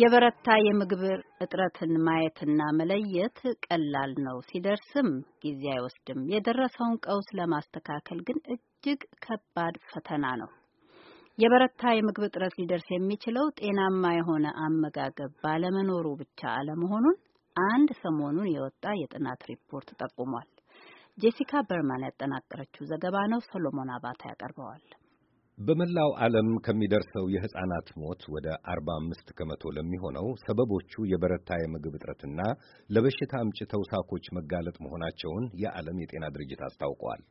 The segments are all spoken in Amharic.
የበረታ የምግብ እጥረትን ማየትና መለየት ቀላል ነው፣ ሲደርስም ጊዜ አይወስድም። የደረሰውን ቀውስ ለማስተካከል ግን እጅግ ከባድ ፈተና ነው። የበረታ የምግብ እጥረት ሊደርስ የሚችለው ጤናማ የሆነ አመጋገብ ባለመኖሩ ብቻ አለመሆኑን አንድ ሰሞኑን የወጣ የጥናት ሪፖርት ጠቁሟል። ጄሲካ በርማን ያጠናቀረችው ዘገባ ነው። ሰሎሞን አባታ ያቀርበዋል። በመላው ዓለም ከሚደርሰው የሕፃናት ሞት ወደ 45 ከመቶ ለሚሆነው ሰበቦቹ የበረታ የምግብ እጥረትና ለበሽታ አምጪ ተውሳኮች መጋለጥ መሆናቸውን የዓለም የጤና ድርጅት አስታውቋል።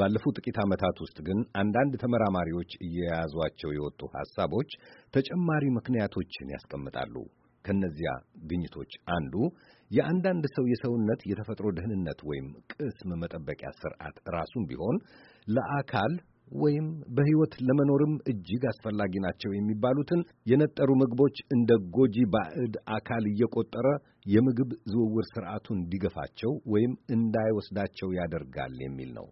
ባለፉት ጥቂት ዓመታት ውስጥ ግን አንዳንድ ተመራማሪዎች እየያዟቸው የወጡ ሐሳቦች ተጨማሪ ምክንያቶችን ያስቀምጣሉ። ከነዚያ ግኝቶች አንዱ የአንዳንድ ሰው የሰውነት የተፈጥሮ ደህንነት ወይም ቅስም መጠበቂያ ስርዓት ራሱን ቢሆን ለአካል ወይም በሕይወት ለመኖርም እጅግ አስፈላጊ ናቸው የሚባሉትን የነጠሩ ምግቦች እንደ ጎጂ ባዕድ አካል እየቆጠረ የምግብ ዝውውር ስርዓቱን እንዲገፋቸው ወይም እንዳይወስዳቸው ያደርጋል የሚል ነው።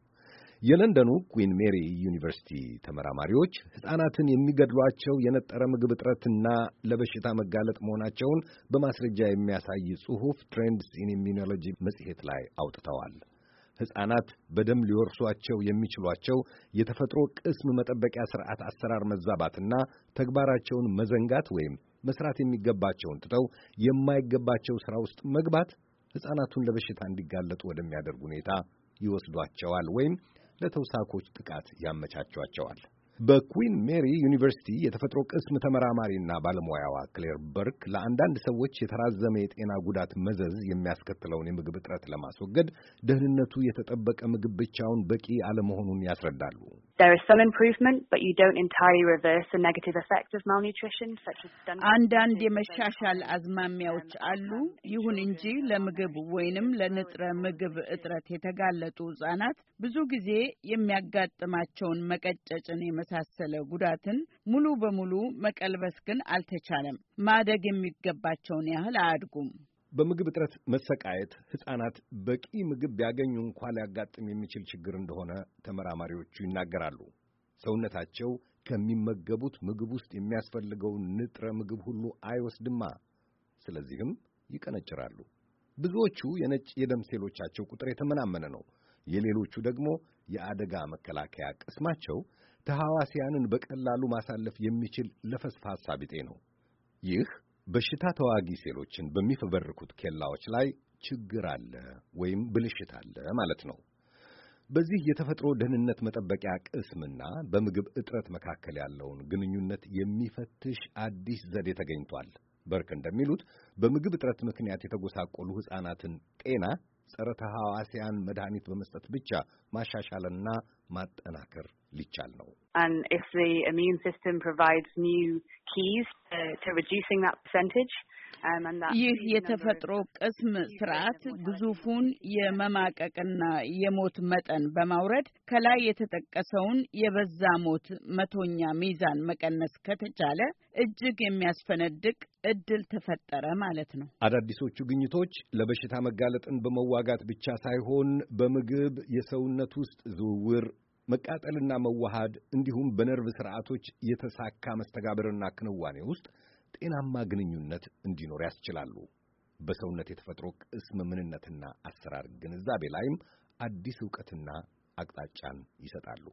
የለንደኑ ኩዊን ሜሪ ዩኒቨርሲቲ ተመራማሪዎች ሕፃናትን የሚገድሏቸው የነጠረ ምግብ እጥረትና ለበሽታ መጋለጥ መሆናቸውን በማስረጃ የሚያሳይ ጽሑፍ ትሬንድስ ኢን ኢሚኖሎጂ መጽሔት ላይ አውጥተዋል። ሕፃናት በደም ሊወርሷቸው የሚችሏቸው የተፈጥሮ ቅስም መጠበቂያ ስርዓት አሰራር መዛባትና ተግባራቸውን መዘንጋት ወይም መስራት የሚገባቸውን ትተው የማይገባቸው ሥራ ውስጥ መግባት ሕፃናቱን ለበሽታ እንዲጋለጡ ወደሚያደርግ ሁኔታ ይወስዷቸዋል ወይም ለተውሳኮች ጥቃት ያመቻቿቸዋል። በኩዊን ሜሪ ዩኒቨርሲቲ የተፈጥሮ ቅስም ተመራማሪና ባለሙያዋ ክሌር በርክ ለአንዳንድ ሰዎች የተራዘመ የጤና ጉዳት መዘዝ የሚያስከትለውን የምግብ እጥረት ለማስወገድ ደህንነቱ የተጠበቀ ምግብ ብቻውን በቂ አለመሆኑን ያስረዳሉ። አንዳንድ የመሻሻል አዝማሚያዎች አሉ። ይሁን እንጂ ለምግብ ወይንም ለንጥረ ምግብ እጥረት የተጋለጡ ሕጻናት ብዙ ጊዜ የሚያጋጥማቸውን መቀጨጭን የመ የመሳሰለ ጉዳትን ሙሉ በሙሉ መቀልበስ ግን አልተቻለም። ማደግ የሚገባቸውን ያህል አያድጉም። በምግብ እጥረት መሰቃየት ሕፃናት በቂ ምግብ ቢያገኙ እንኳ ሊያጋጥም የሚችል ችግር እንደሆነ ተመራማሪዎቹ ይናገራሉ። ሰውነታቸው ከሚመገቡት ምግብ ውስጥ የሚያስፈልገውን ንጥረ ምግብ ሁሉ አይወስድማ። ስለዚህም ይቀነጭራሉ። ብዙዎቹ የነጭ የደም ሴሎቻቸው ቁጥር የተመናመነ ነው። የሌሎቹ ደግሞ የአደጋ መከላከያ ቅስማቸው ተሐዋስያንን በቀላሉ ማሳለፍ የሚችል ለፈስፋሳ ቢጤ ነው። ይህ በሽታ ተዋጊ ሴሎችን በሚፈበርኩት ኬላዎች ላይ ችግር አለ ወይም ብልሽት አለ ማለት ነው። በዚህ የተፈጥሮ ደህንነት መጠበቂያ ቅስምና በምግብ እጥረት መካከል ያለውን ግንኙነት የሚፈትሽ አዲስ ዘዴ ተገኝቷል። በርክ እንደሚሉት በምግብ እጥረት ምክንያት የተጎሳቆሉ ሕፃናትን ጤና ጸረ ተሐዋሲያን መድኃኒት በመስጠት ብቻ ማሻሻልና ማጠናከር ሊቻል ነው። um, ይህ የተፈጥሮ ቅስም ስርዓት ግዙፉን የመማቀቅና የሞት መጠን በማውረድ ከላይ የተጠቀሰውን የበዛ ሞት መቶኛ ሚዛን መቀነስ ከተቻለ እጅግ የሚያስፈነድቅ እድል ተፈጠረ ማለት ነው። አዳዲሶቹ ግኝቶች ለበሽታ መጋለጥን በመዋጋት ብቻ ሳይሆን በምግብ የሰውነት ውስጥ ዝውውር መቃጠልና መዋሃድ እንዲሁም በነርቭ ስርዓቶች የተሳካ መስተጋብርና ክንዋኔ ውስጥ ጤናማ ግንኙነት እንዲኖር ያስችላሉ። በሰውነት የተፈጥሮ ቅስም ምንነትና አሰራር ግንዛቤ ላይም አዲስ ዕውቀትና አቅጣጫን ይሰጣሉ።